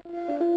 Thank you.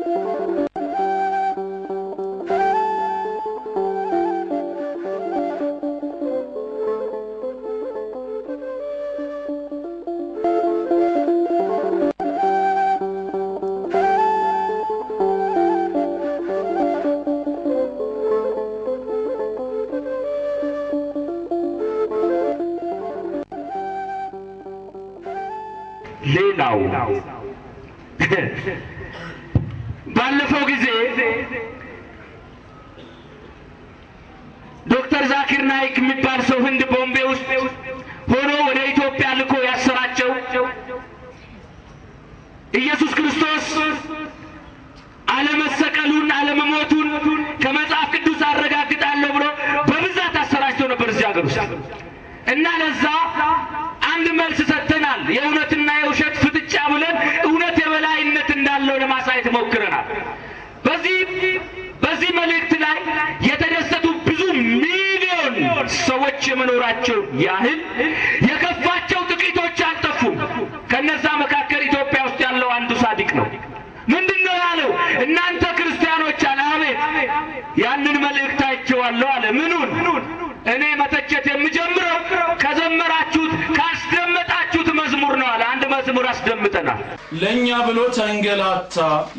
ለእኛ ብሎ ተንገላታ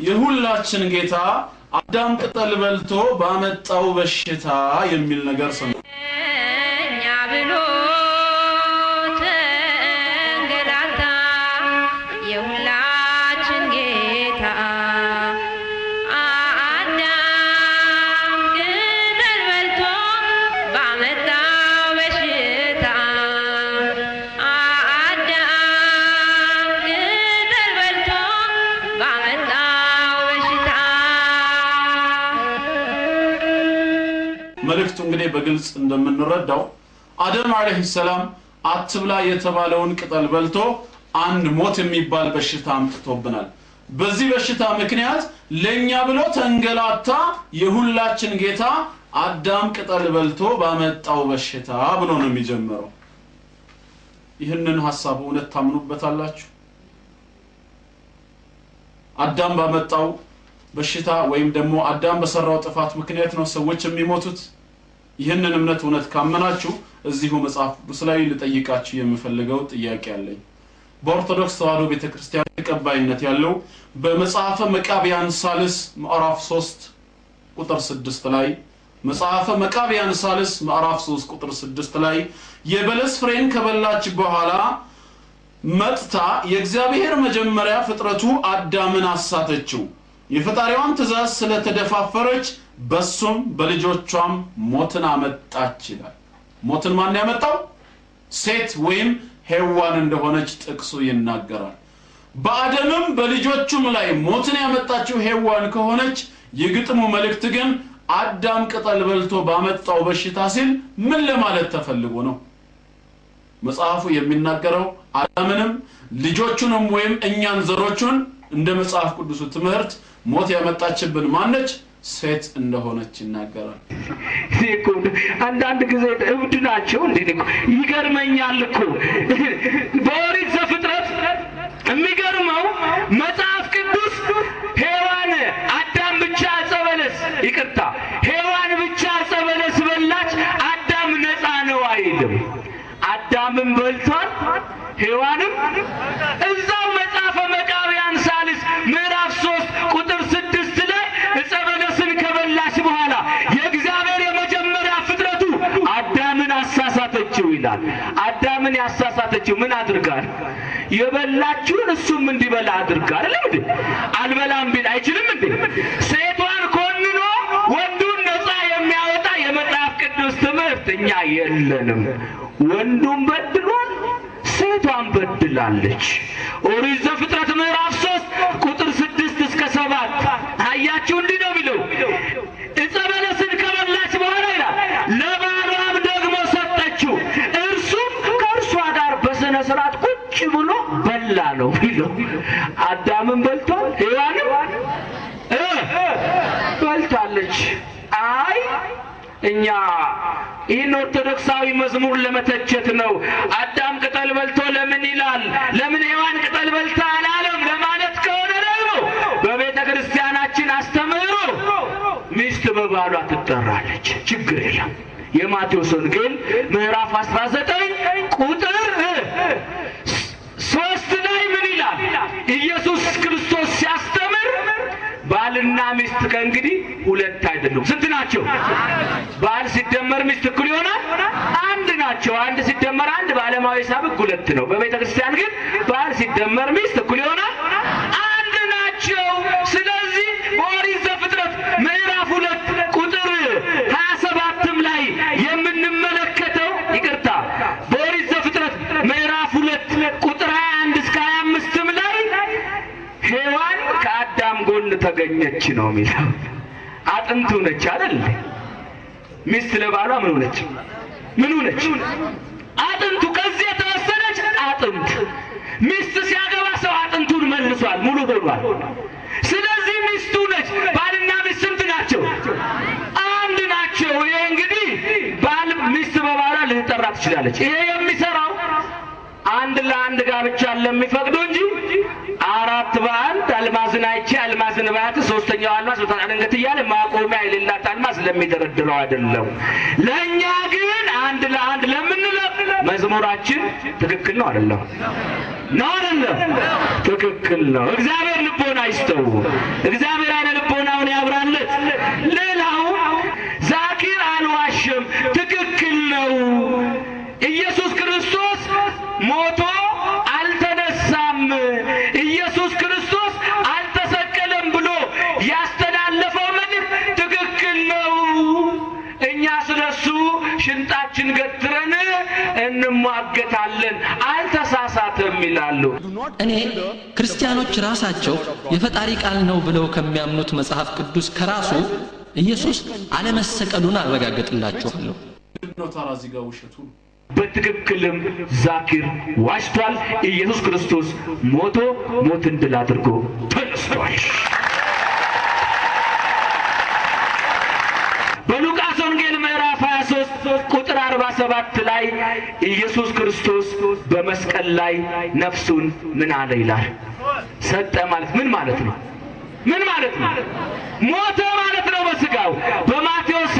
የሁላችን ጌታ አዳም ቅጠል በልቶ ባመጣው በሽታ የሚል ነገር ሰምቶ በግልጽ እንደምንረዳው አደም አለህ ሰላም አትብላ የተባለውን ቅጠል በልቶ አንድ ሞት የሚባል በሽታ አምጥቶብናል። በዚህ በሽታ ምክንያት ለኛ ብሎ ተንገላታ የሁላችን ጌታ አዳም ቅጠል በልቶ ባመጣው በሽታ ብሎ ነው የሚጀምረው። ይህንን ሀሳብ እውነት ታምኑበታላችሁ? አዳም ባመጣው በሽታ ወይም ደግሞ አዳም በሰራው ጥፋት ምክንያት ነው ሰዎች የሚሞቱት። ይህንን እምነት እውነት ካመናችሁ እዚሁ መጽሐፍ ቅዱስ ላይ ልጠይቃችሁ የምፈልገው ጥያቄ አለኝ። በኦርቶዶክስ ተዋሕዶ ቤተክርስቲያን ተቀባይነት ያለው በመጽሐፈ መቃቢያን ሳልስ ምዕራፍ 3 ቁጥር 6 ላይ መጽሐፈ መቃቢያን ሳልስ ምዕራፍ 3 ቁጥር 6 ላይ የበለስ ፍሬን ከበላች በኋላ መጥታ የእግዚአብሔር መጀመሪያ ፍጥረቱ አዳምን አሳተችው። የፈጣሪዋን ትእዛዝ ስለተደፋፈረች በሱም በልጆቿም ሞትን አመጣች ይላል። ሞትን ማን ያመጣው? ሴት ወይም ሔዋን እንደሆነች ጥቅሱ ይናገራል። በአደምም በልጆቹም ላይ ሞትን ያመጣችው ሔዋን ከሆነች የግጥሙ መልእክት ግን አዳም ቅጠል በልቶ ባመጣው በሽታ ሲል ምን ለማለት ተፈልጎ ነው? መጽሐፉ የሚናገረው አዳምንም ልጆቹንም ወይም እኛን ዘሮቹን እንደ መጽሐፍ ቅዱሱ ትምህርት ሞት ያመጣችብን ማነች? ሴት እንደሆነች ይናገራል። እኮ አንዳንድ ጊዜ እብድ ናቸው። እንዲ ይገርመኛል እኮ በኦሪት ዘፍጥረት የሚገርመው መጽሐፍ ቅዱስ ሔዋን አዳም ብቻ ዕፀ በለስ ይቅርታ፣ ሔዋን ብቻ ዕፀ በለስ በላች፣ አዳም ነፃ ነው አይልም። አዳምን በልቷል ሔዋንም እዛው መጽሐፈ መቃብያን ሳልስ ምዕራፍ ሶስት ቁጥር ስድስት ላይ እጸበለስን በለስን ከበላች በኋላ የእግዚአብሔር የመጀመሪያ ፍጥረቱ አዳምን አሳሳተችው ይላል። አዳምን ያሳሳተችው ምን አድርጋል? የበላችሁን እሱም እንዲበላ አድርጋል። አይደለም እንዴ? አልበላም ቢል አይችልም እንዴ? ሴቷን ኮንኖ ወንዱን ነፃ የሚያወጣ የመጽሐፍ ቅዱስ ትምህርት እኛ የለንም። ወንዱን በድሏል ልጇን በድላለች። ኦሪት ዘፍጥረት ምዕራፍ ሶስት ቁጥር ስድስት እስከ ሰባት አያችሁ እንዲህ ነው የሚለው እጸ በለስን ከበላች በኋላ ይላል ለባሏም ደግሞ ሰጠችው፣ እርሱም ከእርሷ ጋር በሥነ ሥርዓት ቁጭ ብሎ በላ ነው የሚለው። አዳምን በልቷል፣ ሔዋንም በልታለች። አይ እኛ ይህን ኦርቶዶክሳዊ መዝሙር ለመተቸት ነው። አዳም ቅጠል በልቶ ለምን ይላል? ለምን ሔዋን ቅጠል በልታ አላለም ለማለት ከሆነ ደግሞ በቤተ ክርስቲያናችን አስተምህሮ ሚስት በባሏ ትጠራለች። ችግር የለም። የማቴዎስ ወንጌል ምዕራፍ 19 ቁጥር ሶስት ላይ ምን ይላል ኢየሱስ ባልና ሚስት ከእንግዲህ ሁለት አይደሉም። ስንት ናቸው? ባል ሲደመር ሚስት እኩል ይሆናል አንድ ናቸው። አንድ ሲደመር አንድ በዓለማዊ ሂሳብ ሁለት ነው። በቤተ ክርስቲያን ግን ባል ሲደመር ሚስት እኩል ይሆናል ተገኘች ነው የሚለው። አጥንት ሆነች አይደል? ሚስት ለባሏ ምን ሆነች? ምን ሆነች? አጥንቱ። ከዚህ የተወሰነች አጥንት። ሚስት ሲያገባ ሰው አጥንቱን መልሷል፣ ሙሉ ሆኗል። ስለዚህ ሚስቱ ነች። ባልና ሚስት ስንት ናቸው? አንድ ናቸው። ይሄ እንግዲህ ባል ሚስት በባሏ ልትጠራ ትችላለች። ይሄ የሚሰራው አንድ ለአንድ ጋብቻ ለሚፈቅዱ እንጂ አራት በአንድ አልማዝን አይቼ አልማዝን ባያት ሶስተኛው አልማዝ በታጣ ደንገት እያለ ማቆሚያ የሌላት አልማዝ ለሚደረድረው አይደለም። ለእኛ ግን አንድ ለአንድ ለምንለው መዝሙራችን ትክክል ነው አይደለም ነው አይደለም ትክክል ነው። እግዚአብሔር ልቦና አይስተው እግዚአብሔር አይነ ልቦናውን ያብራለት። ሌላው ዛኪር አልዋሽም፣ ትክክል ነው። ኢየሱስ ክርስቶስ ሞቶ እንሟገታለን፣ አልተሳሳተም ይላሉ። እኔ ክርስቲያኖች ራሳቸው የፈጣሪ ቃል ነው ብለው ከሚያምኑት መጽሐፍ ቅዱስ ከራሱ ኢየሱስ አለመሰቀሉን አረጋግጥላችኋለሁ። በትክክልም ዛኪር ዋሽቷል። ኢየሱስ ክርስቶስ ሞቶ ሞትን ድል አድርጎ ተነስቷል። ሰባ ሰባት ላይ ኢየሱስ ክርስቶስ በመስቀል ላይ ነፍሱን ምን አለ ይላል። ሰጠ ማለት ምን ማለት ነው? ምን ማለት ነው? ሞተ ማለት ነው በስጋው በማቴዎስ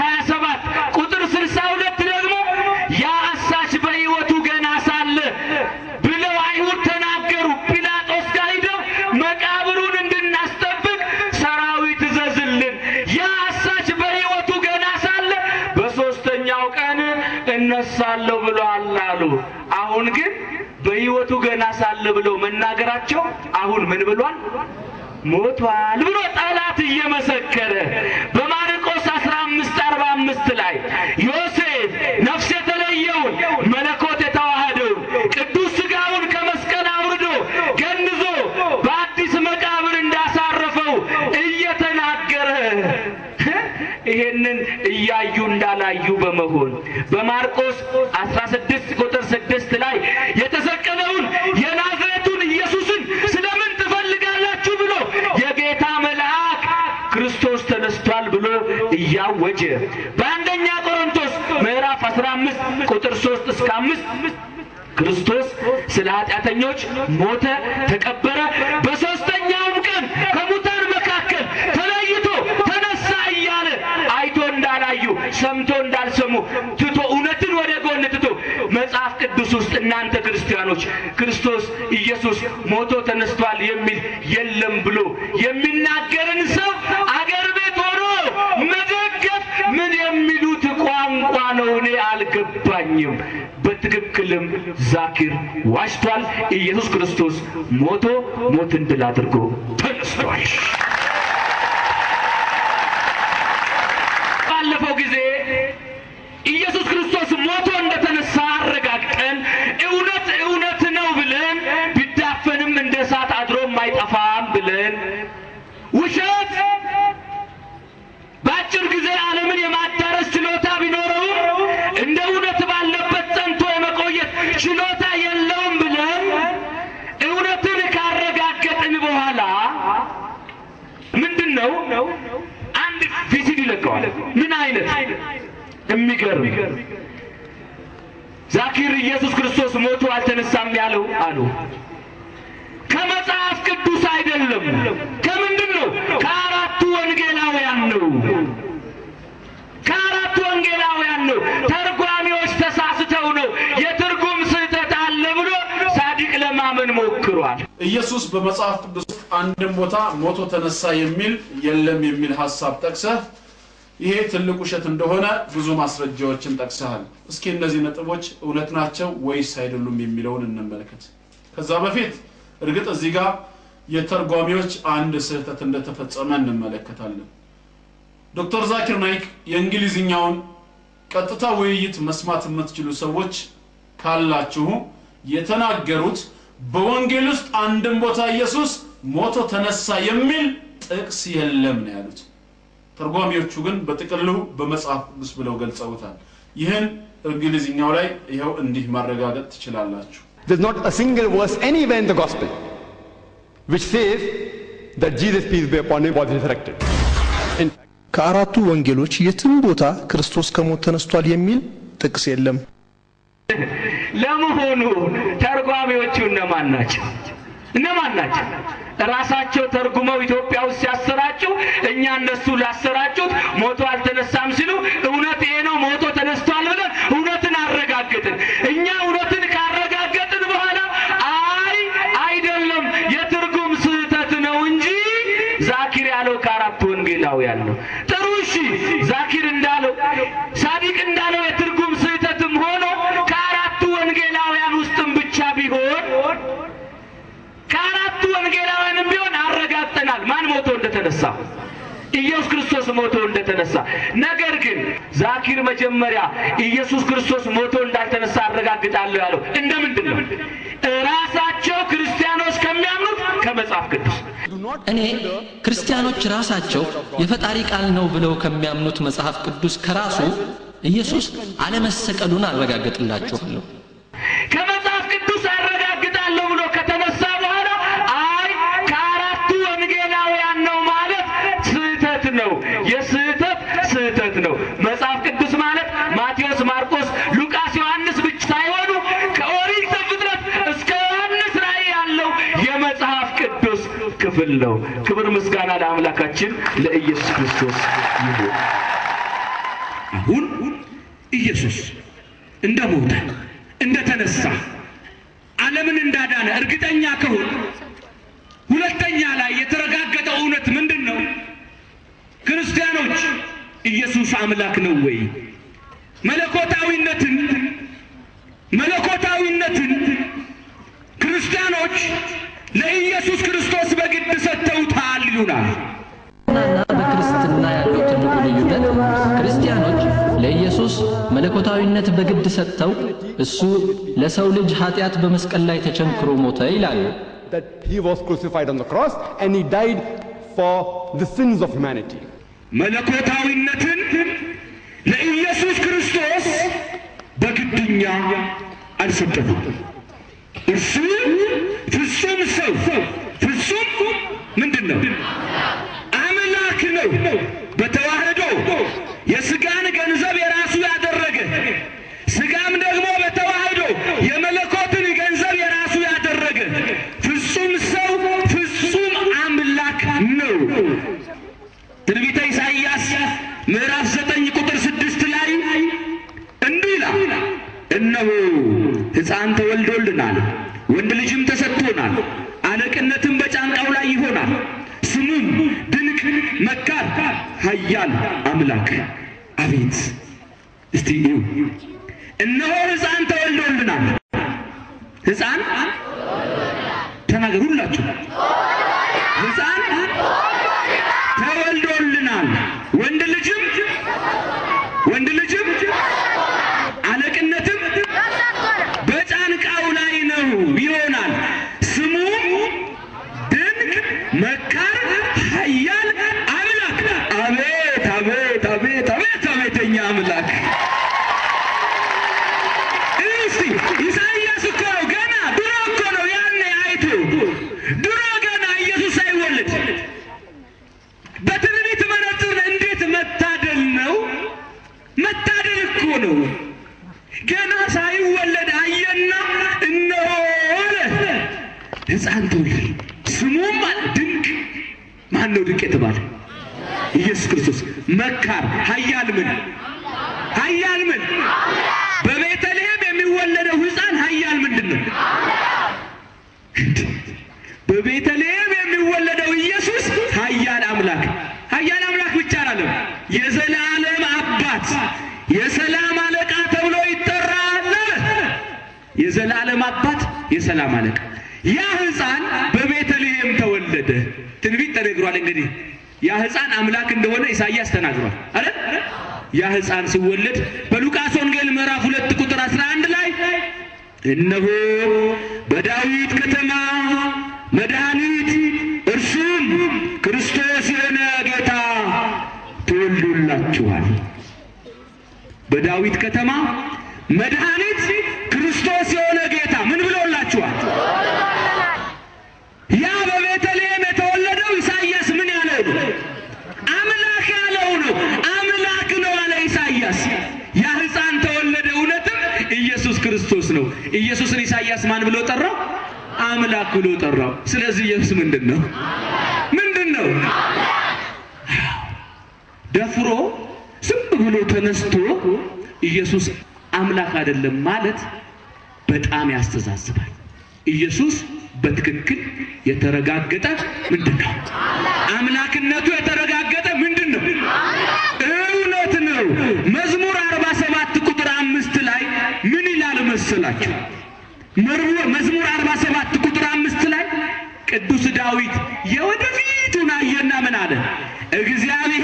እነሳለሁ ብሏል አሉ። አሁን ግን በሕይወቱ ገና ሳለ ብለው መናገራቸው አሁን ምን ብሏል? ሞቷል ብሎ ጠላት እየመሰከረ በማርቆስ አስራ አምስት አርባ አምስት ላይ ዮሴፍ ነፍስ የተለየውን መለኮት የተዋህደውን ቅዱስ ሥጋውን ከመስቀል አውርዶ ገንዞ በአዲስ መቃብር እንዳሳረፈው እየተናገረ ይሄንን እያዩ እንዳ በመሆን በማርቆስ 16 ቁጥር 6 ላይ የተሰቀለውን የናዝሬቱን ኢየሱስን ስለምን ትፈልጋላችሁ ብሎ የጌታ መልአክ ክርስቶስ ተነስቷል ብሎ እያወጀ በአንደኛ ቆሮንቶስ ምዕራፍ 15 ቁጥር 3 እስከ 5 ክርስቶስ ስለ ኃጢአተኞች ሞተ፣ ተቀበረ፣ በሦስተኛውም ቀን ከሙታን መካከል ተለይቶ ተነሳ እያለ አይቶ እንዳላዩ ሰምቶ ደግሞ ትቶ እውነትን ወደ ጎን ትቶ መጽሐፍ ቅዱስ ውስጥ እናንተ ክርስቲያኖች ክርስቶስ ኢየሱስ ሞቶ ተነስቷል የሚል የለም ብሎ የሚናገርን ሰው አገር ቤት ሆኖ መደገፍ ምን የሚሉት ቋንቋ ነው? እኔ አልገባኝም። በትክክልም ዛኪር ዋሽቷል። ኢየሱስ ክርስቶስ ሞቶ ሞትን ድል አድርጎ ተነስቷል። ውሸት በአጭር ጊዜ ዓለምን የማዳረስ ችሎታ ቢኖረውም እንደ እውነት ባለበት ጸንቶ የመቆየት ችሎታ የለውም ብለን እውነትን ካረጋገጥን በኋላ ምንድን ነው አንድ ቪሲድ ይለቀዋል። ምን አይነት የሚገርም ዛኪር ኢየሱስ ክርስቶስ ሞቶ አልተነሳም ያለው አሉ። ከመጽሐፍ ቅዱስ አይደለም። ከምንድ ወንጌላውያን ነው፣ ከአራት ወንጌላውያን ነው። ተርጓሚዎች ተሳስተው ነው። የትርጉም ስህተት አለ ብሎ ጻድቅ ለማመን ሞክሯል። ኢየሱስ በመጽሐፍ ቅዱስ አንድም ቦታ ሞቶ ተነሳ የሚል የለም የሚል ሀሳብ ጠቅሰህ ይሄ ትልቅ ውሸት እንደሆነ ብዙ ማስረጃዎችን ጠቅሰሃል። እስኪ እነዚህ ነጥቦች እውነት ናቸው ወይስ አይደሉም የሚለውን እንመልከት። ከዛ በፊት እርግጥ እዚህ ጋር የተርጓሚዎች አንድ ስህተት እንደተፈጸመ እንመለከታለን። ዶክተር ዛኪር ናይክ የእንግሊዝኛውን ቀጥታ ውይይት መስማት የምትችሉ ሰዎች ካላችሁ የተናገሩት በወንጌል ውስጥ አንድም ቦታ ኢየሱስ ሞቶ ተነሳ የሚል ጥቅስ የለም ነው ያሉት። ተርጓሚዎቹ ግን በጥቅሉ በመጽሐፍ ቅዱስ ብለው ገልጸውታል። ይህን እንግሊዝኛው ላይ ይኸው እንዲህ ማረጋገጥ ትችላላችሁ። There's not a single verse anywhere in the gospel which says that Jesus peace be upon him was resurrected. ከአራቱ ወንጌሎች የትም ቦታ ክርስቶስ ከሞት ተነስቷል የሚል ጥቅስ የለም። ለመሆኑ ተርጓሚዎቹ እነማን ናቸው? እነማን ናቸው? ራሳቸው ተርጉመው ኢትዮጵያ ውስጥ ሲያሰራጩ እኛ እነሱ ላሰራጩት ሞቶ አልተነሳም ሲሉ እውነት ይሄ ነው ሞቶ ተነስቷል ብለን እውነትን አረጋግጥን እኛ እውነት ጌጣውያን ነው። ጥሩ እሺ፣ ዛኪር እንዳለው ሳዲቅ እንዳለው የትርጉም ስህተትም ሆኖ ከአራቱ ወንጌላውያን ውስጥም ብቻ ቢሆን ከአራቱ ወንጌላውያንም ቢሆን አረጋግጠናል ማን ሞቶ እንደተነሳ ኢየሱስ ክርስቶስ ሞቶ እንደተነሳ። ነገር ግን ዛኪር መጀመሪያ ኢየሱስ ክርስቶስ ሞቶ እንዳልተነሳ አረጋግጣለሁ ያለው እንደ ነው? ራሳቸው ክርስቲያኖች ከሚያምኑት ከመጽሐፍ ቅዱስ እኔ ክርስቲያኖች ራሳቸው የፈጣሪ ቃል ነው ብለው ከሚያምኑት መጽሐፍ ቅዱስ ከራሱ ኢየሱስ አለመሰቀሉን አረጋግጥላችኋለሁ ከመጽሐፍ ቅዱስ አረጋግጣለሁ ብሎ ከተነሳ ድል ነው። ክብር ምስጋና ለአምላካችን ለኢየሱስ ክርስቶስ ይሁን። አሁን ኢየሱስ እንደ ሞተ እንደ ተነሳ ዓለምን እንዳዳነ እርግጠኛ ከሆን ሁለተኛ ላይ የተረጋገጠ እውነት ምንድን ነው? ክርስቲያኖች ኢየሱስ አምላክ ነው ወይ? ይሉናል። ና በክርስትና ያለው ትልቁ ልዩነት ክርስቲያኖች ለኢየሱስ መለኮታዊነት በግድ ሰጥተው እሱ ለሰው ልጅ ኃጢአት በመስቀል ላይ ተቸንክሮ ሞተ ይላሉ። መለኮታዊነትን ለኢየሱስ ክርስቶስ በግድኛ አልሰጠንም። እሱ ፍጹም ሰው ምንድን ነው? አምላክ ነው። በተዋህዶ የስጋን ገንዘብ የራሱ ያደረገ ስጋም ደግሞ በተዋህዶ የመለኮትን ገንዘብ የራሱ ያደረገ ፍጹም ሰው ፍጹም አምላክ ነው። ትንቢተ ኢሳይያስ ምዕራፍ ዘጠኝ ቁጥር ስድስት ላይ እንዲህ ይላል፣ እነሆ ሕፃን ተወልዶልናል ኃያል አምላክ ህፃን ትውልድ ስሙም ድንቅ ማን ነው? ድንቅ የተባለ ኢየሱስ ክርስቶስ መካር ሀያል ምን ሀያል ምን በቤተልሔም የሚወለደው ህፃን ሀያል ምንድን ነው? በቤተልሔም የሚወለደው ኢየሱስ ሀያል አምላክ ሀያል አምላክ ብቻ አላለም። የዘላለም አባት የሰላም አለቃ ተብሎ ይጠራል። የዘላለም አባት የሰላም አለቃ ያ ህፃን በቤተልሔም ተወለደ ትንቢት ተነግሯል። እንግዲህ ያ ህፃን አምላክ እንደሆነ ኢሳያስ ተናግሯል አረ ያ ህፃን ሲወለድ በሉቃስ ወንጌል ምዕራፍ ሁለት ቁጥር አስራ አንድ ላይ እነሆ በዳዊት ከተማ መድኃኒት እርሱም ክርስቶስ የሆነ ጌታ ተወልዶላችኋል። በዳዊት ከተማ መድኃኒት ክርስቶስ የሆነ ጌታ ምን ብሎላችኋል? ኢየሱስ ክርስቶስ ነው። ኢየሱስን ኢሳይያስ ማን ብሎ ጠራው? አምላክ ብሎ ጠራው። ስለዚህ ኢየሱስ ምንድን ነው? ምንድን ነው? ደፍሮ ዝም ብሎ ተነስቶ ኢየሱስ አምላክ አይደለም ማለት በጣም ያስተዛዝባል። ኢየሱስ በትክክል የተረጋገጠ ምንድን ነው አምላክነቱ ናቸው። መዝሙር አርባ ቁጥር አምስት ላይ ቅዱስ ዳዊት የወደፊቱን አየና ምን አለ? እግዚአብሔር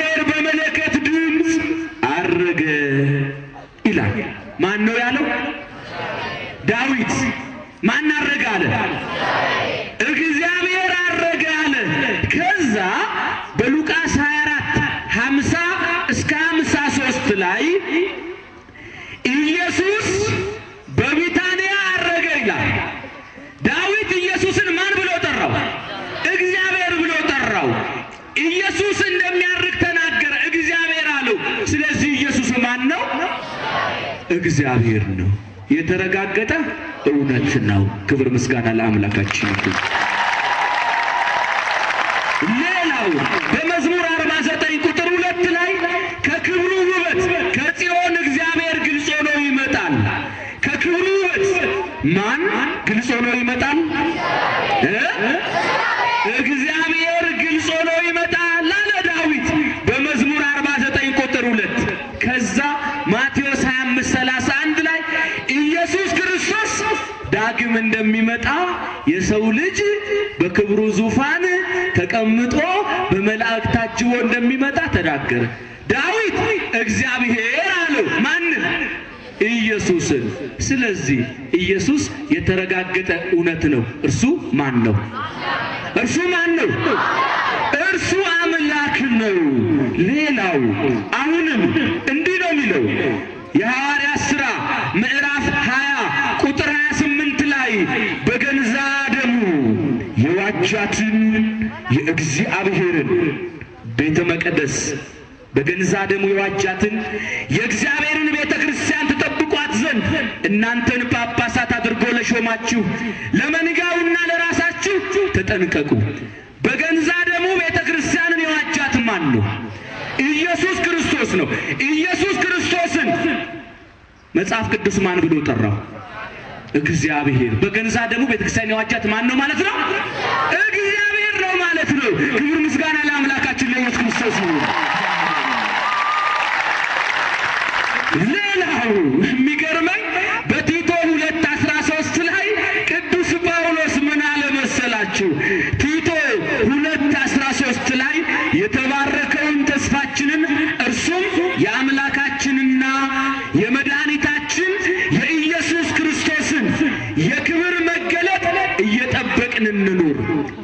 እግዚአብሔር ነው፣ የተረጋገጠ እውነት ነው። ክብር ምስጋና ለአምላካችን ይሁን። ሌላው በመዝሙር 49 ቁጥር ሁለት ላይ ከክብሩ ውበት ከጽዮን እግዚአብሔር ግልጽ ሆኖ ይመጣል። ከክብሩ ውበት ማን ግልጽ ሆኖ ይመጣል? እግዚአብሔር ግልጽ ሆኖ ይመጣል። ዳግም እንደሚመጣ የሰው ልጅ በክብሩ ዙፋን ተቀምጦ በመላእክ ታጅቦ እንደሚመጣ ተናገረ። ዳዊት እግዚአብሔር አለው ማንን? ኢየሱስን። ስለዚህ ኢየሱስ የተረጋገጠ እውነት ነው። እርሱ ማን ነው? እርሱ ማን ነው? እርሱ አምላክ ነው። ሌላው አሁንም እንዲህ ነው የሚለው የሐዋርያት ሥራ ምዕራፍ የአምላካችን የእግዚአብሔርን ቤተ መቀደስ በገንዛ ደሙ የዋጃትን የእግዚአብሔርን ቤተ ክርስቲያን ትጠብቋት ዘንድ እናንተን ጳጳሳት አድርጎ ለሾማችሁ ለመንጋውና ለራሳችሁ ተጠንቀቁ። በገንዛ ደሙ ቤተ ክርስቲያንን የዋጃት ማን ነው? ኢየሱስ ክርስቶስ ነው። ኢየሱስ ክርስቶስን መጽሐፍ ቅዱስ ማን ብሎ ጠራው? እግዚአብሔር በገንዛ ደግሞ ቤተክርስቲያን የዋጃት ማን ነው ማለት ነው? እግዚአብሔር ነው ማለት ነው። ክብር ምስጋና ለአምላካችን ለኢየሱስ ክርስቶስ ነው።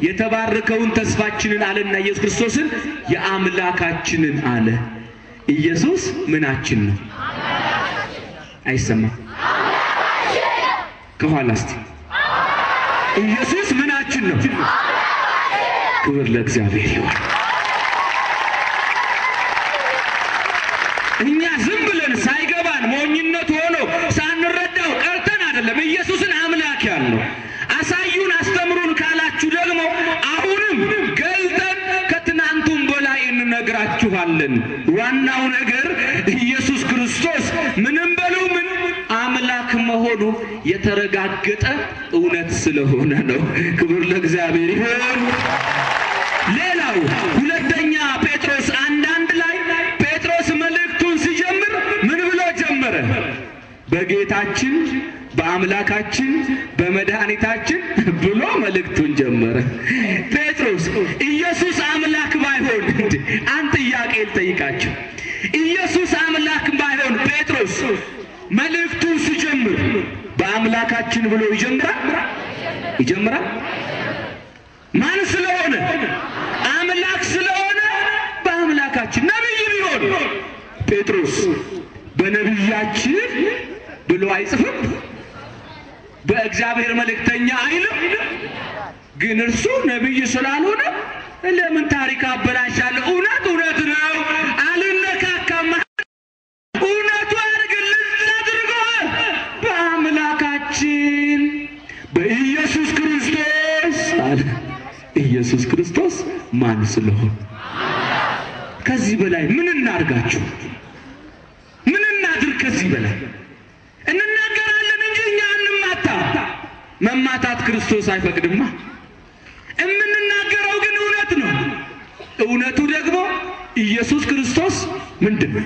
የተባረከውን ተስፋችንን አለና ኢየሱስ ክርስቶስን የአምላካችንን አለ። ኢየሱስ ምናችን ነው? አይሰማም? ከኋላ እስቲ ኢየሱስ ምናችን ነው? ክብር ለእግዚአብሔር ይሁን። አለን። ዋናው ነገር ኢየሱስ ክርስቶስ ምንም በሉ ምን አምላክ መሆኑ የተረጋገጠ እውነት ስለሆነ ነው። ክብር ለእግዚአብሔር ይሁን። ሌላው ሁለተኛ ጴጥሮስ አንድ አንድ ላይ ጴጥሮስ መልእክቱን ሲጀምር ምን ብሎ ጀመረ? በጌታችን በአምላካችን በመድኃኒታችን ብሎ መልእክቱን ጀመረ። ጴጥሮስ ኢየሱስ አምላክ ባይሆን ኃይል ጠይቃቸው። ኢየሱስ አምላክ ባይሆን ጴጥሮስ መልእክቱን ሲጀምር በአምላካችን ብሎ ይጀምራል ይጀምራል። ማን ስለሆነ? አምላክ ስለሆነ በአምላካችን። ነቢይ ቢሆን ጴጥሮስ በነቢያችን ብሎ አይጽፍም፣ በእግዚአብሔር መልእክተኛ አይልም። ግን እርሱ ነቢይ ስላልሆነ ለምን ታሪክ አበላሻለሁ? እውነት እውነት ነው። አልነካካም። እውነቱ አድርግልን አድርገዋል። በአምላካችን በኢየሱስ ክርስቶስ አለ። ኢየሱስ ክርስቶስ ማን ስለሆነ ከዚህ በላይ ምን እናድርጋችሁ? ምን እናድርግ? ከዚህ በላይ እንናገራለን እንጂ እኛ እንማታ። መማታት ክርስቶስ አይፈቅድማ። የምንናገረው እውነት ነው። እውነቱ ደግሞ ኢየሱስ ክርስቶስ ምንድን ነው?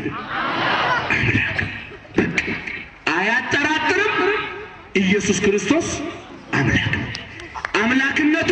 አያጠራጥርም። ኢየሱስ ክርስቶስ አምላክ አምላክነቱ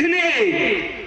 ini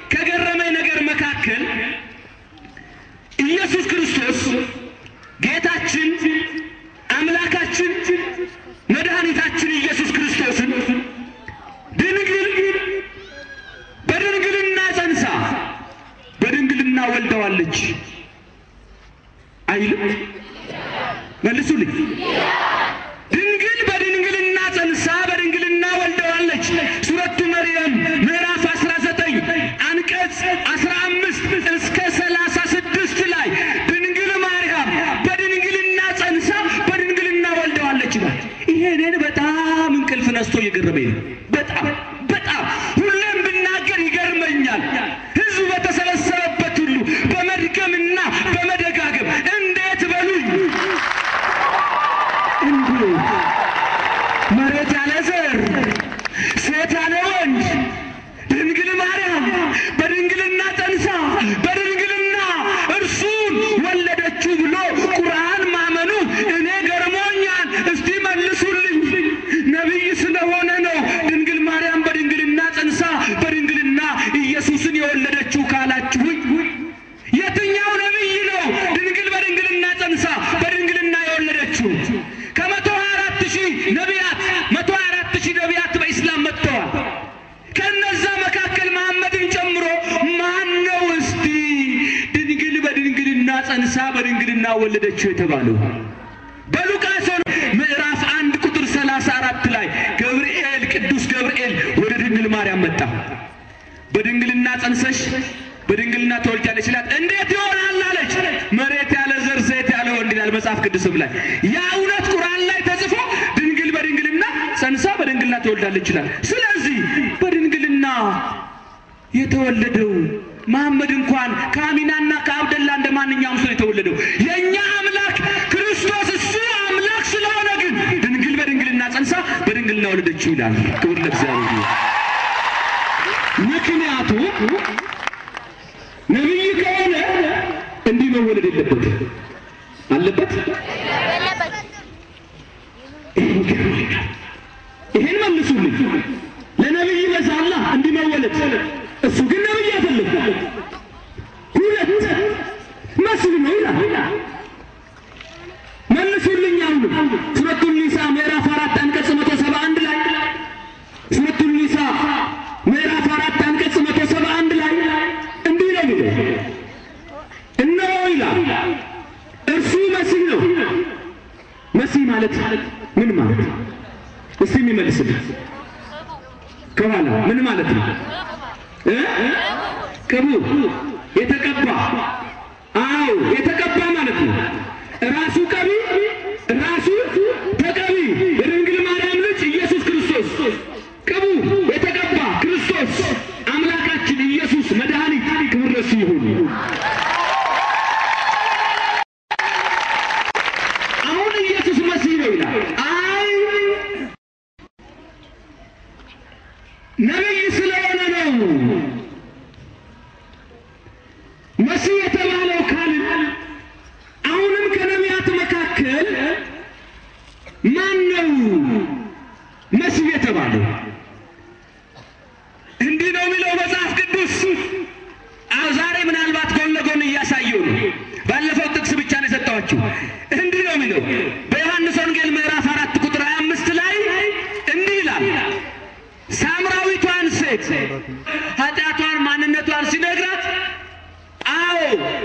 ወለደችው የተባለው በሉቃስ ምዕራፍ አንድ ቁጥር ሰላሳ አራት ላይ ገብርኤል ቅዱስ ገብርኤል ወደ ድንግል ማርያም መጣ። በድንግልና ጸንሰሽ በድንግልና ተወልጃለች ይላል። እንዴት ይሆናል አለች። መሬት ያለ ዘር ዘይት ያለ ወንድ ይላል መጽሐፍ ቅዱስም ላይ ያ እውነት ቁርአን ላይ ተጽፎ ድንግል በድንግልና ጸንሳ በድንግልና ተወልዳለች ይላል። ስለዚህ በድንግልና የተወለደው እጁ ይላል። ክብር ለእግዚአብሔር።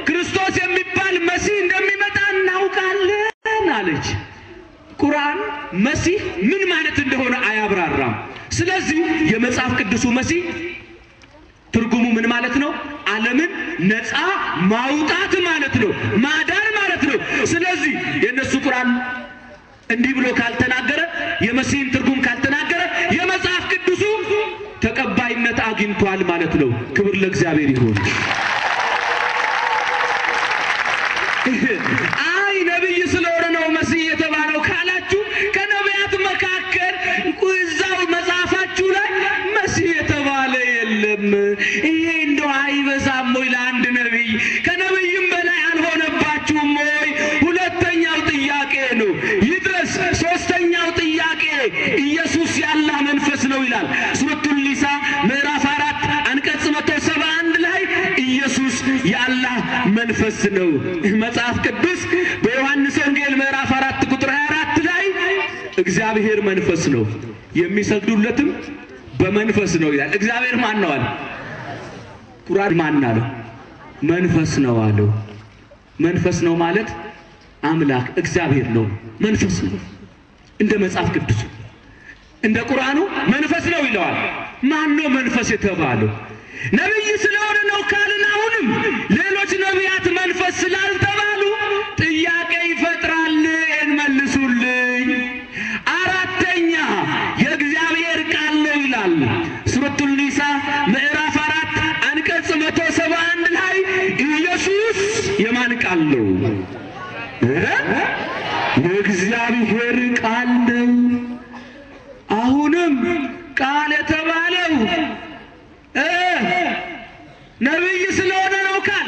ክርስቶስ የሚባል መሲህ እንደሚመጣ እናውቃለን አለች። ቁርአን መሲህ ምን ማለት እንደሆነ አያብራራም። ስለዚህ የመጽሐፍ ቅዱሱ መሲህ ትርጉሙ ምን ማለት ነው? ዓለምን ነፃ ማውጣት ማለት ነው፣ ማዳን ማለት ነው። ስለዚህ የእነሱ ቁርአን እንዲህ ብሎ ካልተናገረ፣ የመሲህን ትርጉም ካልተናገረ የመጽሐፍ ቅዱሱ ተቀባይነት አግኝቷል ማለት ነው። ክብር ለእግዚአብሔር ይሁን። መንፈስ ነው። መጽሐፍ ቅዱስ በዮሐንስ ወንጌል ምዕራፍ አራት ቁጥር 24 ላይ እግዚአብሔር መንፈስ ነው የሚሰግዱለትም በመንፈስ ነው ይላል። እግዚአብሔር ማን ነው አለ? ቁራን ማን አለው? መንፈስ ነው አለው። መንፈስ ነው ማለት አምላክ እግዚአብሔር ነው፣ መንፈስ ነው። እንደ መጽሐፍ ቅዱሱ እንደ ቁርአኑ መንፈስ ነው ይለዋል። ማን ነው መንፈስ የተባለው? ነቢይ ስለሆነ ነው ካልን አሁንም ሌሎች ነቢያት መንፈስ ስላልተባሉ ጥያቄ ይፈጥራል። መልሱልኝ። አራተኛ የእግዚአብሔር ቃል ነው ይላል ሱረቱል ኒሳ ምዕራፍ አራት አንቀጽ መቶ ሰባ አንድ ላይ ኢየሱስ የማን ቃል ነው? የእግዚአብሔር ቃል ነው። አሁንም ቃል የተባ ነቢይ ስለሆነ ነው ካል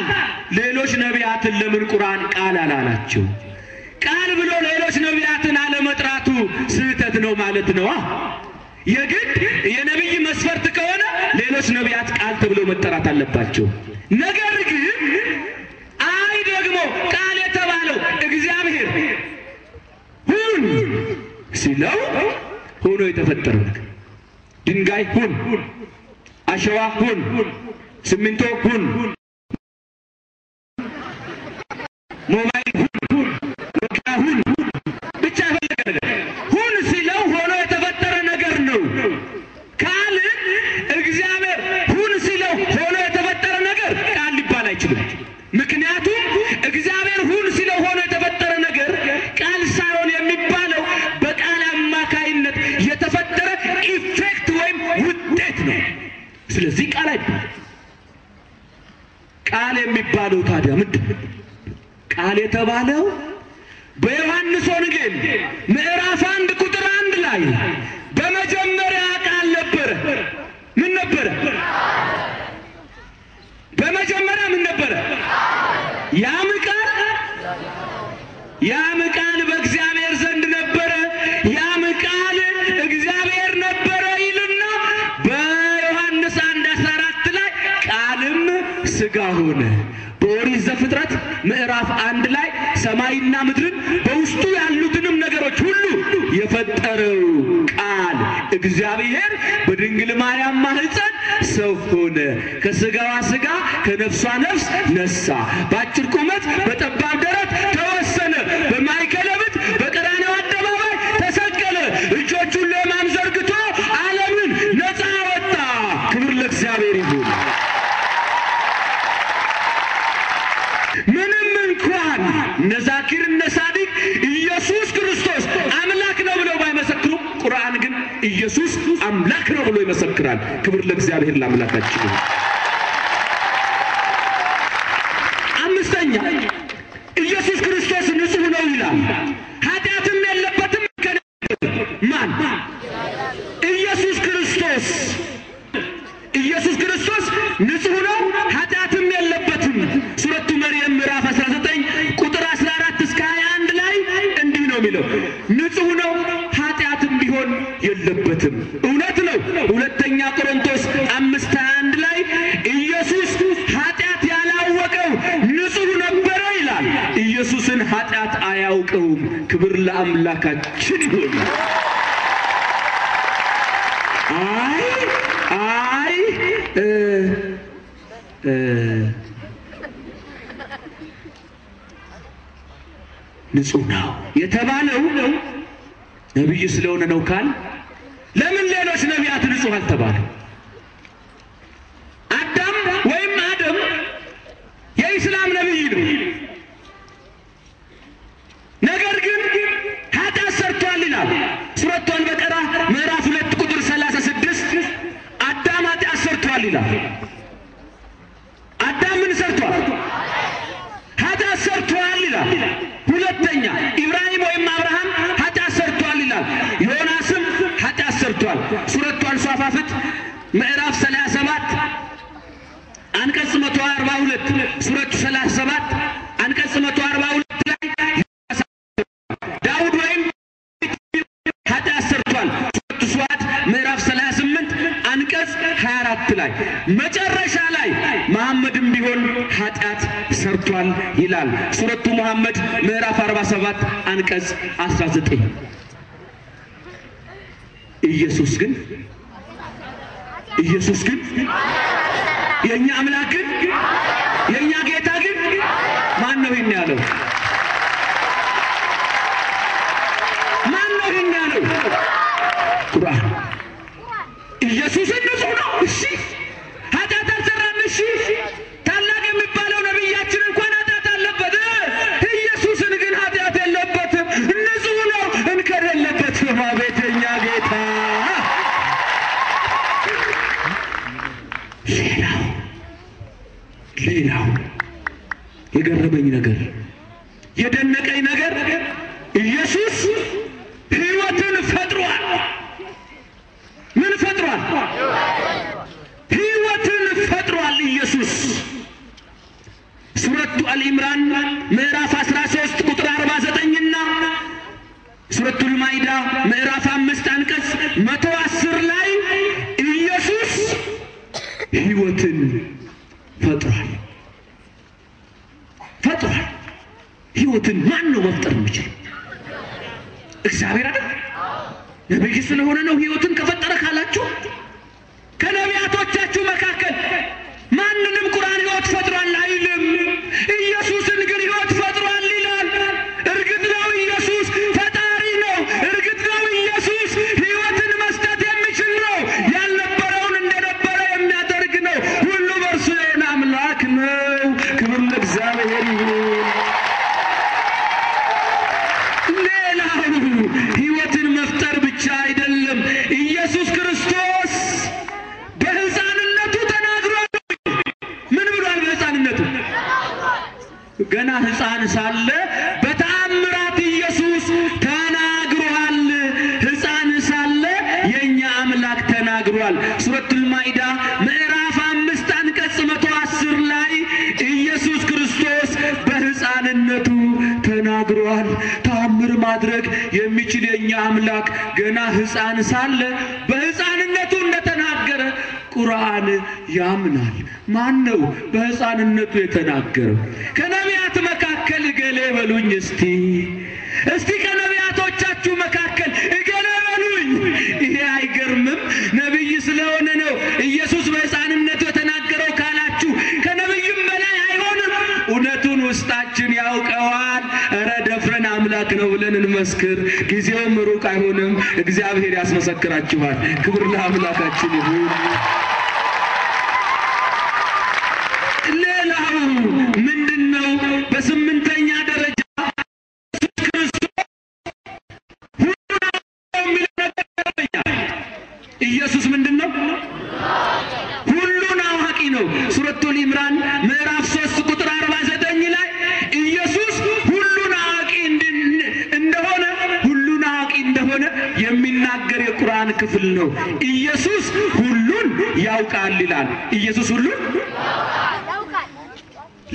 ሌሎች ነቢያትን ለምን ቁርአን ቃል አላላቸው? ቃል ብሎ ሌሎች ነቢያትን አለመጥራቱ ስህተት ነው ማለት ነዋ። የግድ የነቢይ መስፈርት ከሆነ ሌሎች ነቢያት ቃል ተብሎ መጠራት አለባቸው። ነገር ግን አይ ደግሞ ቃል የተባለው እግዚአብሔር ሁን ሲለው ሆኖ የተፈጠረ ድንጋይ ሁን፣ አሸዋ ሁን ስሚንቶ ኩን ሞባይል ኩን ወርቅ ሁን የተባለው ይመሰክራል። ክብር ለእግዚአብሔር ለአምላካችን። ፍጹም ነው የተባለው ነቢይ ስለሆነ ነው ካል ለምን ሌሎች ነቢያት ንጹህ አልተባለ? አዳም ወይም አደም የኢስላም ነቢይ ነው። ነገር ግን ኃጢአት ሰርቷል ይላል ሱረቷን በቀራ ምዕራፍ ሁለት ቁጥር ሰላሳ ስድስት አዳም ኃጢአት ሰርቷል ይላል። ሱረቱ አልሷፋፍት ምዕራፍ 37 አንቀጽ 142 ሱረቱ 37 አንቀጽ 142 ላይ ዳውድ ወይም ኃጢአት ሰርቷል። ሱረቱ ሱዓድ ምዕራፍ 38 አንቀጽ 24 ላይ መጨረሻ ላይ መሐመድም ቢሆን ኃጢአት ሰርቷል ይላል። ሱረቱ መሐመድ ምዕራፍ 47 አንቀጽ 19 ኢየሱስ ግን ኢየሱስ ግን የእኛ አምላክ ግን የእኛ ጌታ ግን ማን ነው ይህን ያለው? ማን ነው ይህን ያለው? ቁርአን ኢየሱስን ነገር የደነቀኝ ነገር ኢየሱስ ሕይወትን ፈጥሯል። ምን ፈጥሯል? ሕይወትን ፈጥሯል ኢየሱስ። ሱረቱ አልኢምራን ምዕራፍ 13 ቁጥር 49ና ሱረቱ አልማይዳ ምዕራፍ አምስት አንቀጽ 110 ላይ ኢየሱስ ሕይወትን ፈጥሯል። ህይወትን ማን ነው መፍጠር የሚችል? እግዚአብሔር አይደል? ነቢይ ስለሆነ ነው ህይወትን ከፈጠረ ካላችሁ ከነቢያቶቻችሁ መካከል ማንንም ቁርአን ህይወት ፈጥሯል አይ ሕፃን ሳለ በተአምራት ኢየሱስ ተናግሯል። ሕፃን ሳለ የእኛ አምላክ ተናግሯል። ሱረቱል ማኢዳ ምዕራፍ አምስት አንቀጽ መቶ አስር ላይ ኢየሱስ ክርስቶስ በሕፃንነቱ ተናግሯል። ተአምር ማድረግ የሚችል የእኛ አምላክ ገና ሕፃን ሳለ በሕፃንነቱ ቁርአን ያምናል። ማን ነው በሕፃንነቱ የተናገረው? ከነቢያት መካከል ገሌ በሉኝ እስቲ እስቲ ከነቢያቶቻችሁ መካከል አምላክ ነው ብለን እንመስክር። ጊዜውም ሩቅ አይሆንም፣ እግዚአብሔር ያስመሰክራችኋል። ክብር ለአምላካችን ይሁን።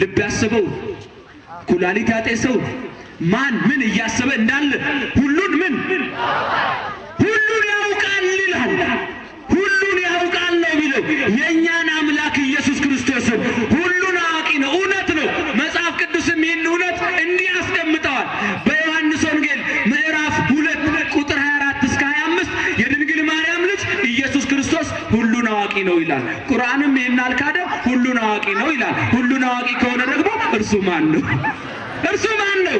ልብ ያስበው፣ ኩላሊት ያጤሰው ማን ምን እያሰበ እንዳለ ሁሉን ምን ሁሉን ያውቃል ይላል። ሁሉን ያውቃል ነው የሚለው የእኛን አምላክ ኢየሱስ ክርስቶስን ሁሉን አዋቂ ነው እውነት ነው ይላል። ቁርአንም ይህን አልካደ ሁሉን አዋቂ ነው ይላል። ሁሉን አዋቂ ከሆነ ደግሞ እርሱ ማን ነው? እርሱ ማን ነው?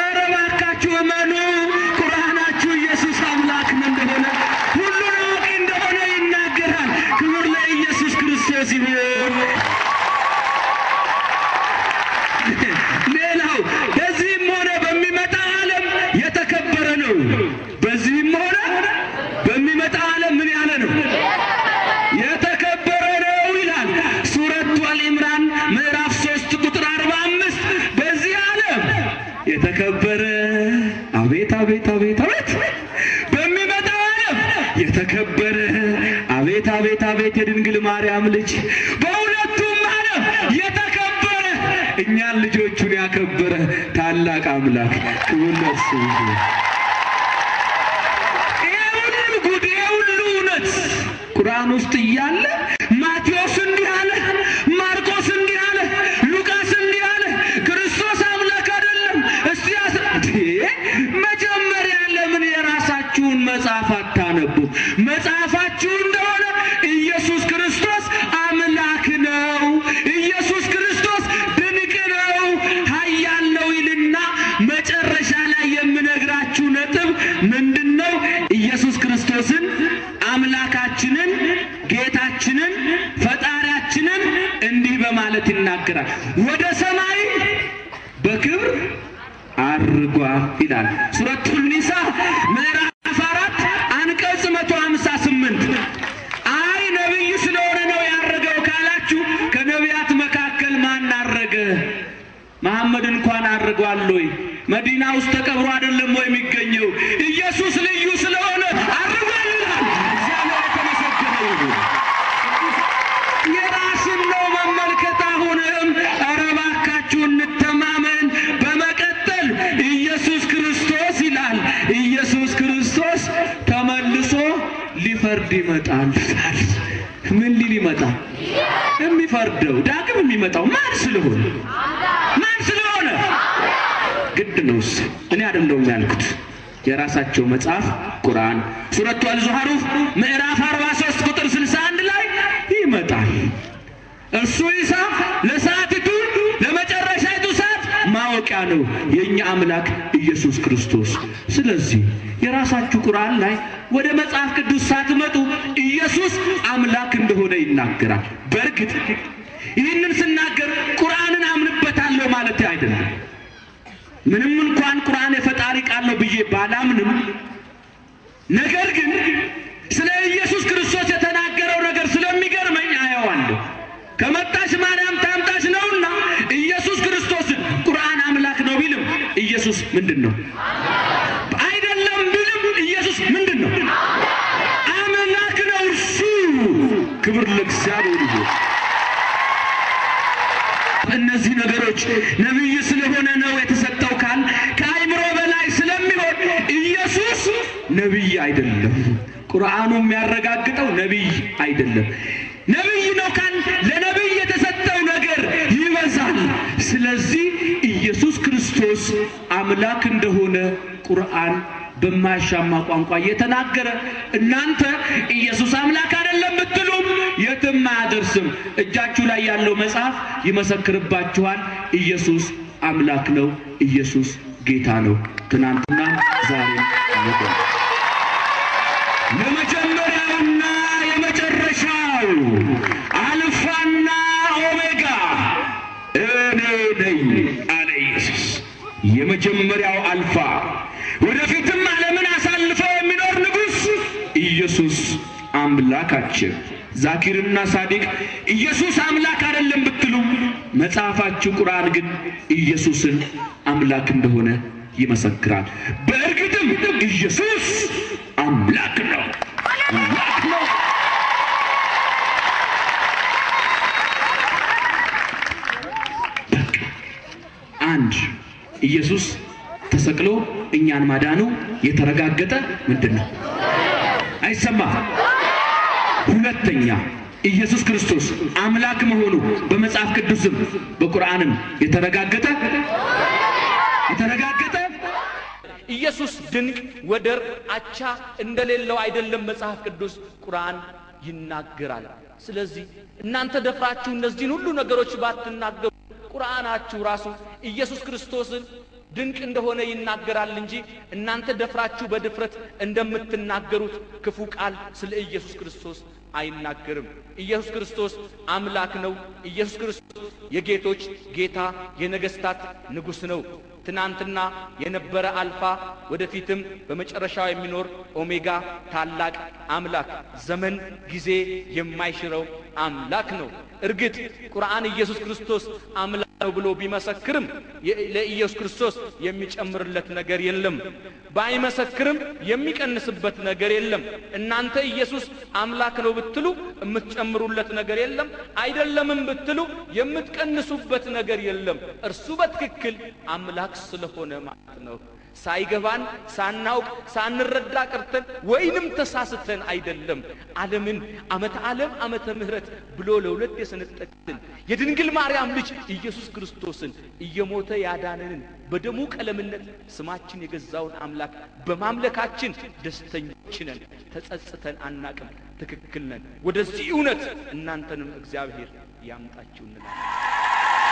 ኧረ እባካችሁ እመኑ። የወላይት የድንግል ማርያም ልጅ በሁለቱም ዓለም የተከበረ እኛን ልጆቹን ያከበረ ታላቅ አምላክ ክብር ለእሱ ይሁን። ቁርአን ውስጥ እያለ ማቴዎስ እንዲህ አለ፣ ማርቆስ እንዲህ አለ፣ ሉቃስ እንዲህ አለ። ክርስቶስ አምላክ አይደለም። እስቲ መጀመሪያ ለምን የራሳችሁን መጽሐፍ አታነቡ? ይናገራል። ወደ ሰማይ በክብር አርጓል ይላል። ሱረቱል ኒሳ ምዕራፍ አራት አንቀጽ መቶ ሀምሳ ስምንት አይ ነቢይ ስለሆነ ነው ያረገው ካላችሁ ከነቢያት መካከል ማን አረገ? መሐመድ እንኳን አርጓል ወይ? መዲና ውስጥ ተቀብሮ አይደለም ወይ የሚገኘው ኢየሱስ አንፈርድ። ምን ሊል ይመጣ? የሚፈርደው ዳግም የሚመጣው ማን ስለሆነ ማን ስለሆነ ግድ ነው። እኔ አደለውም ያልኩት የራሳቸው መጽሐፍ ቁርአን ሱረቱ አልዙሃሩፍ ምዕራፍ 43 ቁጥር 61 ላይ ይመጣል። እሱ ኢሳ ለሳ ነው የእኛ አምላክ ኢየሱስ ክርስቶስ። ስለዚህ የራሳችሁ ቁርአን ላይ ወደ መጽሐፍ ቅዱስ ሳትመጡ ኢየሱስ አምላክ እንደሆነ ይናገራል። በእርግጥ ይህንን ስናገር ቁርአንን አምንበታለሁ ማለት አይደለም። ምንም እንኳን ቁርአን የፈጣሪ ቃል ነው ብዬ ባላምንም፣ ነገር ግን ስለ ኢየሱስ ክርስቶስ የተናገረው ነገር ስለሚገርመኝ አየዋለሁ። ከመጣሽ ማርያም ታምጣሽ ነውና ኢየሱስ ክርስቶስ ኢየሱስ ምንድን ነው? አይደለም ብልም ኢየሱስ ምንድን ነው? አምላክ ነው እርሱ። ክብር ለእግዚአብሔር ይሁን። እነዚህ ነገሮች ነቢይ ስለሆነ ነው የተሰጠው ካል ከአይምሮ በላይ ስለሚሆን ኢየሱስ ነቢይ አይደለም። ቁርአኑ የሚያረጋግጠው ነቢይ አይደለም። ነቢይ ነው ካል ስለዚህ ኢየሱስ ክርስቶስ አምላክ እንደሆነ ቁርአን በማያሻማ ቋንቋ እየተናገረ እናንተ ኢየሱስ አምላክ አይደለም ብትሉም የትም አያደርስም። እጃችሁ ላይ ያለው መጽሐፍ ይመሰክርባችኋል። ኢየሱስ አምላክ ነው። ኢየሱስ ጌታ ነው። ትናንትና ዛሬ ነገ። የመጀመሪያውና የመጨረሻው የመጀመሪያው አልፋ ወደፊትም ዓለምን አሳልፈው የሚኖር ንጉሥ ኢየሱስ አምላካችን። ዛኪርና ሳዲቅ ኢየሱስ አምላክ አይደለም ብትሉ መጽሐፋችሁ ቁርአን ግን ኢየሱስን አምላክ እንደሆነ ይመሰክራል። በእርግጥም ኢየሱስ አምላክ ነው። አንድ ኢየሱስ ተሰቅሎ እኛን ማዳኑ የተረጋገጠ ምንድን ነው? አይሰማ። ሁለተኛ ኢየሱስ ክርስቶስ አምላክ መሆኑ በመጽሐፍ ቅዱስም በቁርአንም የተረጋገጠ የተረጋገጠ ኢየሱስ ድንቅ ወደር አቻ እንደሌለው አይደለም መጽሐፍ ቅዱስ ቁርአን ይናገራል። ስለዚህ እናንተ ደፍራችሁ እነዚህን ሁሉ ነገሮች ባትናገሩ ቁርአናችሁ ራሱ ኢየሱስ ክርስቶስን ድንቅ እንደሆነ ይናገራል እንጂ እናንተ ደፍራችሁ በድፍረት እንደምትናገሩት ክፉ ቃል ስለ ኢየሱስ ክርስቶስ አይናገርም። ኢየሱስ ክርስቶስ አምላክ ነው። ኢየሱስ ክርስቶስ የጌቶች ጌታ፣ የነገስታት ንጉስ ነው። ትናንትና የነበረ አልፋ፣ ወደፊትም በመጨረሻው የሚኖር ኦሜጋ፣ ታላቅ አምላክ፣ ዘመን ጊዜ የማይሽረው አምላክ ነው። እርግጥ ቁርአን ኢየሱስ ክርስቶስ አምላክ ነው ብሎ ቢመሰክርም ለኢየሱስ ክርስቶስ የሚጨምርለት ነገር የለም። ባይመሰክርም የሚቀንስበት ነገር የለም። እናንተ ኢየሱስ አምላክ ነው ብትሉ የምትጨምሩለት ነገር የለም። አይደለምም ብትሉ የምትቀንሱበት ነገር የለም። እርሱ በትክክል አምላክ ስለሆነ ማለት ነው። ሳይገባን ሳናውቅ ሳንረዳ ቀርተን ወይንም ተሳስተን አይደለም። ዓለምን ዓመተ ዓለም ዓመተ ምሕረት ብሎ ለሁለት የሰነጠቅትን የድንግል ማርያም ልጅ ኢየሱስ ክርስቶስን እየሞተ ያዳነንን በደሙ ቀለምነት ስማችን የገዛውን አምላክ በማምለካችን ደስተኞች ነን። ተጸጽተን አናቅም። ትክክል ነን። ወደዚህ እውነት እናንተንም እግዚአብሔር ያምጣችሁ እንላለን።